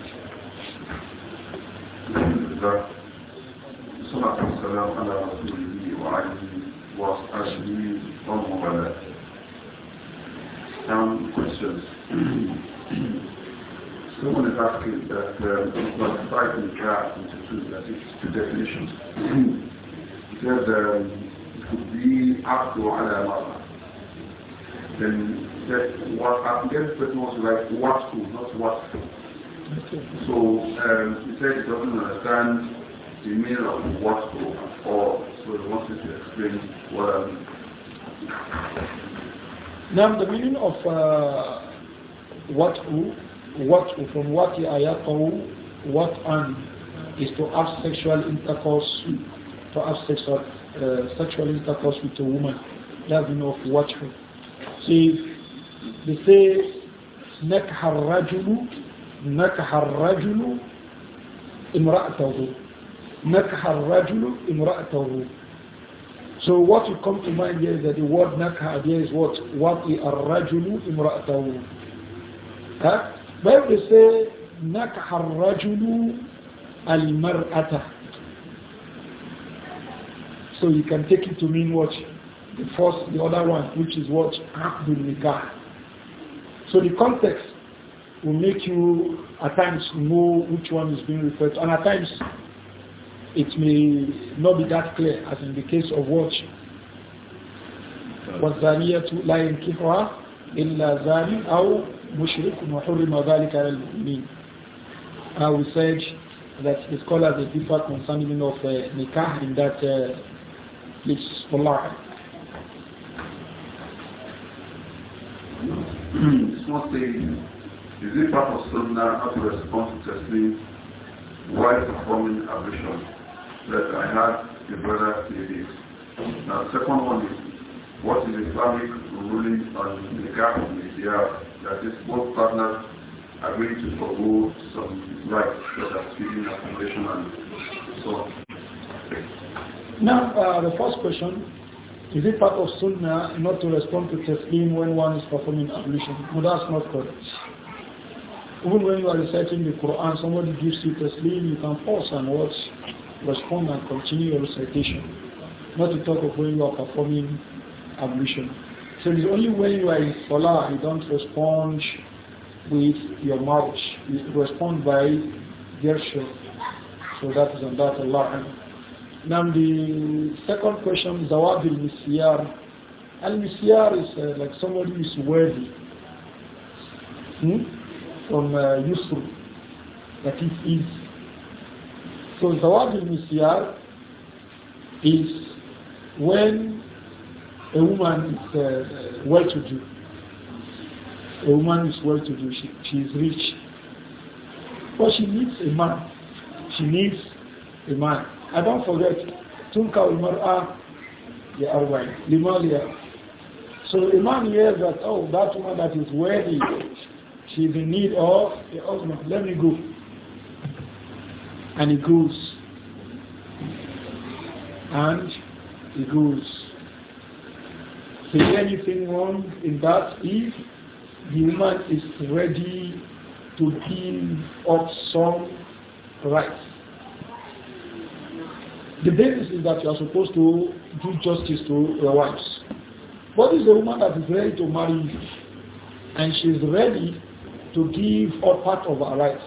Some questions. Someone is asking that um, classified nikah into two, that is two definitions. He says um, it could be up to Allah. mother. Then that what I guess the person was like what to, not what to. So um, he said he doesn't understand the meaning of what to at all. So he wanted to explain what I mean. Now the meaning of uh, what to what from what yaqaw what and is to have sexual intercourse to have sexual uh, sexual intercourse with a woman that's enough watchful see they say نكح الرجل نكح الرجل امرأته نكح الرجل امرأته So what will come to mind here is that the word nakha here is what? Wati الرَّجُلُ إِمْرَأَتَهُ. imra'atahu. Huh? So you can take it to mean what? The first, the other one, which is what? Abdul Nikah. So the context will make you at times know which one is being referred to. And at times it may not be that clear as in the case of what? والزانية in ينكحها إلا زاني أو mushrikun wa hurrima dhalika ala al Uh, we said that the scholars are differ concerning of uh, nikah in that uh, it's for It's not saying, is it part of Sunnah how to respond to testing while performing ablution? That I had the brother say this. Now, second one is, what is Islamic ruling on nikah of Nisyar that is both partners agree to forego some rights such as feeding accommodation and so on. Now, uh, the first question, is it part of sunnah not to respond to taslim when one is performing ablution? No, that's not correct. Even when you are reciting the Quran, somebody gives you taslim, you can pause and watch, respond and continue your recitation. Not to talk of when you are performing ablution. So it is only when you are in salah you don't respond with your mouth. You respond by gesture. So that is on that Allah. Now the second question, Zawab al-Misyar. Al-Misyar is uh, like somebody who is worthy hmm? from uh, Yusuf. That is easy. So Zawab al-Misyar is when uh, a woman is uh, well-to-do. A woman is well-to-do. She, she is rich. But she needs a man. She needs a man. I don't forget, تُنْكَ الْمَرْأَةِ لِأَرْبَعِنْ لِمَالِيَا So a man hears that, oh, that woman that is worthy, she is in need of a husband. Let me go. And he goes. And he goes. Is there anything wrong in that if the woman is ready to give up some rights? The basis is that you are supposed to do justice to your wives. What is the woman that is ready to marry you? And she is ready to give all part of her rights.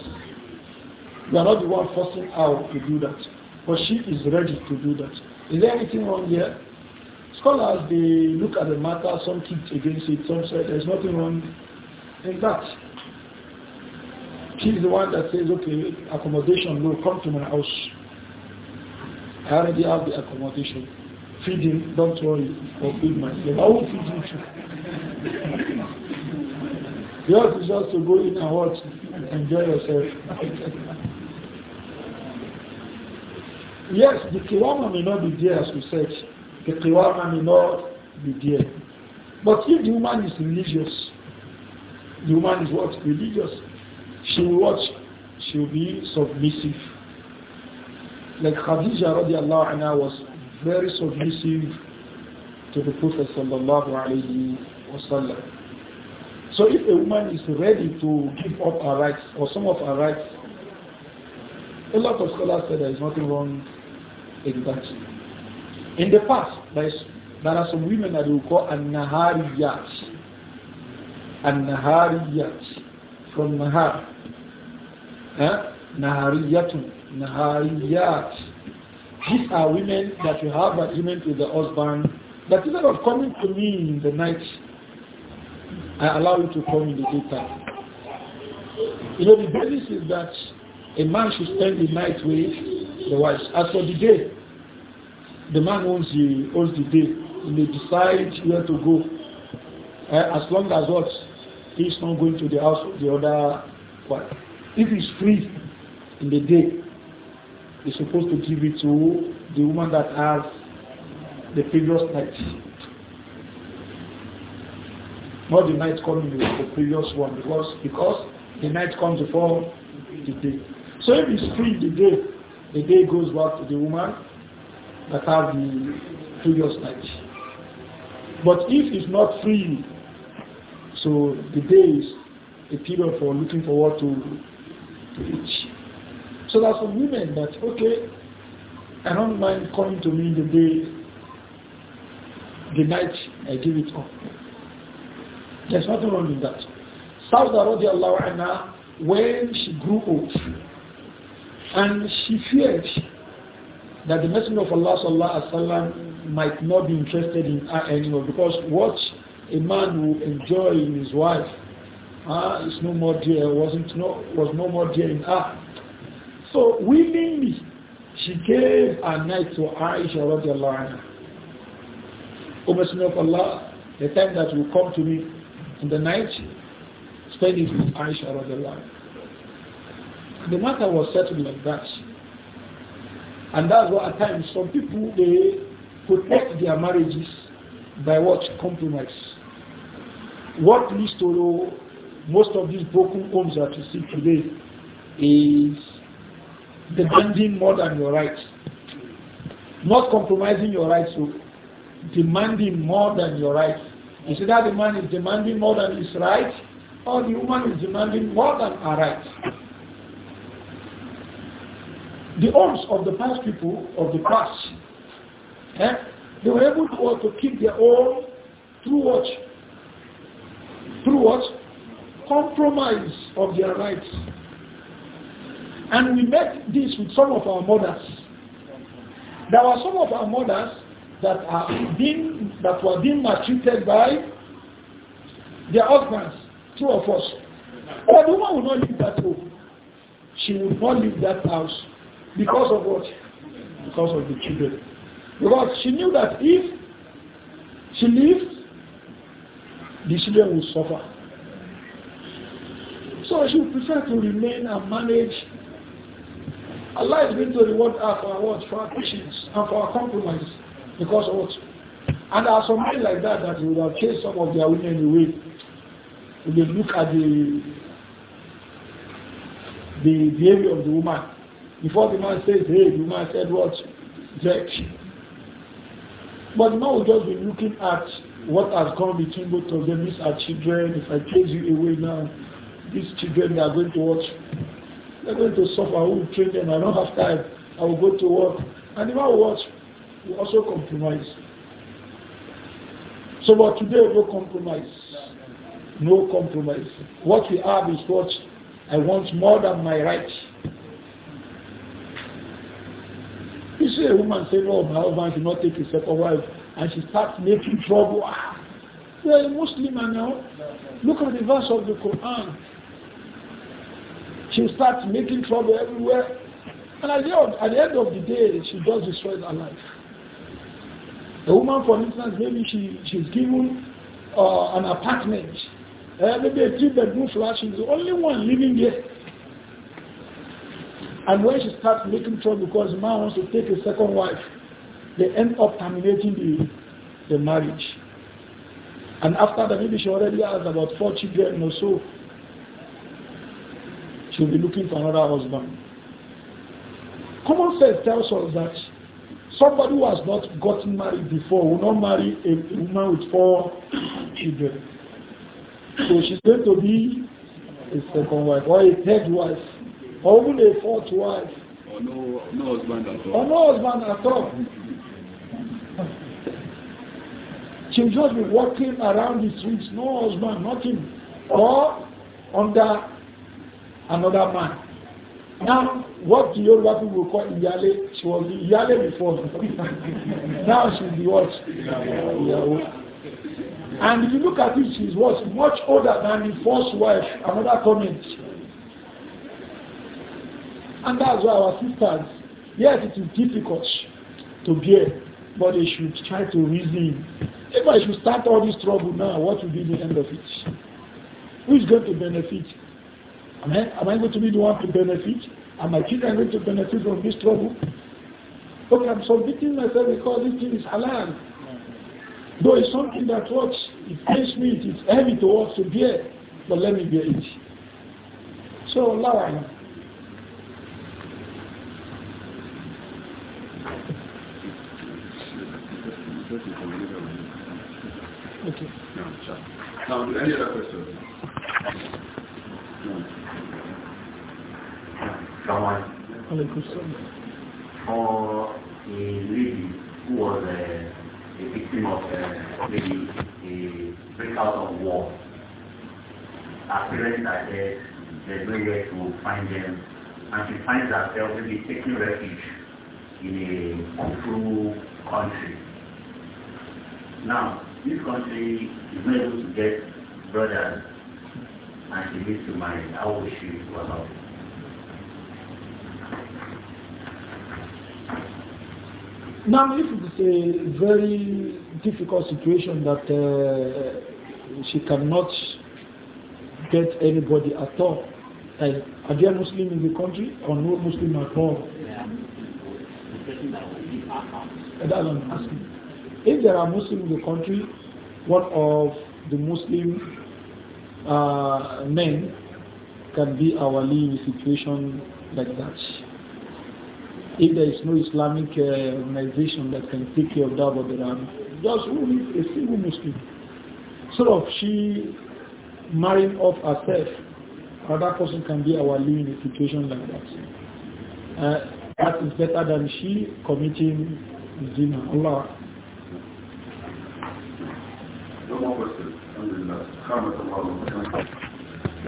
You are not the one forcing her to do that. But she is ready to do that. Is there anything wrong here? Scholars, they look at the matter, some kicked against it, some said there's nothing wrong in that. She's the one that says, okay, accommodation, will come to my house. I already have the accommodation. Feed him, don't worry, I'll feed myself. I will feed you too. Yours is just to go in and watch, enjoy yourself. yes, the kiwama may not be there as we said, the qiwama may not be there. But if the woman is religious, the woman is what? Religious. She will watch. She will be submissive. Like Khadija radiallahu anha was very submissive to the Prophet sallallahu alayhi wasallam. So if a woman is ready to give up her rights or some of her rights, a lot of scholars say there is nothing wrong in that. In the past, there, is, there are some women that we call An-Nahariyat. An-Nahariyat. From Nahar. Eh? Nahariyatun. Nahariyat. These are women that you have agreement with the husband. That instead of coming to me in the night, I allow you to come in the daytime. You know, the basis is that a man should spend the night with the wife. As for the day, the man owns the, owns the day. He may decide where to go. Uh, as long as what? He's not going to the house of the other one. If he's free in the day, he's supposed to give it to the woman that has the previous night. Not the night coming with the previous one because because the night comes before the day. So if it's free the day, the day goes back to the woman that have the previous night. But if it's not free, so the day is a period for looking forward to, to eat. So that's some women that, okay, I don't mind coming to me the day, the night, I give it up. There's nothing wrong with that. Sauda radiallahu anha, when she grew old, and she feared that the Messenger of Allah sallallahu alaihi wasallam might not be interested in her anymore because what a man will enjoy in his wife uh, is no more dear wasn't no was no more dear in her. So willingly she gave her night to Aisha radiallahu anha. O Messenger of Allah, the time that you come to me in the night, spend it with Aisha radiallahu anha. The matter was settled like that. And that's why at times some people they protect their marriages by what compromise. What leads to most of these broken homes that you see today is demanding more than your rights. Not compromising your rights, so oh, demanding more than your rights. see that the man is demanding more than his rights, or the woman is demanding more than her rights? the homes of the past people of the past, eh, they were able to, keep their own through what? Through what? Compromise of their rights. And we met this with some of our mothers. There were some of our mothers that are being that were being maltreated by their husbands, two of us. But the woman would not leave that home. She would not leave that house because of what? Because of the children. Because she knew that if she leaves, the children will suffer. So she would prefer to remain and manage. Allah is going to reward her for our words, for our patience, and for our compromise. Because of what? And there are some men like that that would have chased some of their women away. When they look at the the behavior of the woman, before the man says, hey, the man said what? But the man will just be looking at what has come between both of them. These are children. If I chase you away now, these children they are going to watch. They're going to suffer. I will train them. I don't have time. I will go to work. And the man will watch. We also compromise. So but today no compromise. No compromise. What we have is what I want more than my rights. You see a woman say, no, my husband should not take his second wife, and she starts making trouble. Ah, you are a Muslim now. Look at the verse of the Quran. She starts making trouble everywhere. And at the, end, at the end of the day, she just destroys her life. A woman, for instance, maybe she, she's given uh, an apartment, uh, maybe a three-bedroom flat. She's the only one living there. And when she starts making trouble because the man wants to take a second wife, they end up terminating the, the marriage. And after that, maybe she already has about four children or so. She'll be looking for another husband. Common sense tells us that somebody who has not gotten married before will not marry a woman with four children. So she's going to be a second wife or a third wife. Or even a fourth wife. Or oh, no, no husband at all. Or oh, no husband at all. She'll just be walking around the streets, no husband, nothing. Or under another man. Now, what the Yoruba people call Iyale, she was Iyale before. now she's the what? And if you look at it, she's what? Much older than the first wife. Another comment. And that's why our sisters, yes, it is difficult to bear, but they should try to reason. If I should start all this trouble now, what will be the end of it? Who is going to benefit? Am I, am I going to be the one to benefit? Are my children going to benefit from this trouble? Okay, I'm submitting myself because this thing is halal. Though it's something that what it pains me, it is heavy to work to bear, but let me bear it. So Allah Um. do any other questions? No. Someone or a lady who was a, a victim of a, a a breakout of war. Her parents are dead, there's nowhere to find them, and she finds herself maybe taking refuge in a cruel country. Now, this country is not able to get brothers and she needs to marry. How will she go about it? Now, if it's a very difficult situation that uh, she cannot get anybody at all, like, are there Muslims in the country or no Muslim at all? Yeah. don't ask. If there are Muslims in the country, one of the Muslim uh, men can be our lead in a situation like that. If there is no Islamic uh, organization that can take care of that, but there are just only a single Muslim. Sort of she marrying off herself, that person can be our lead in a situation like that. Uh, that is better than she committing zina. Allah one person under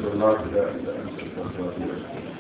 the comments of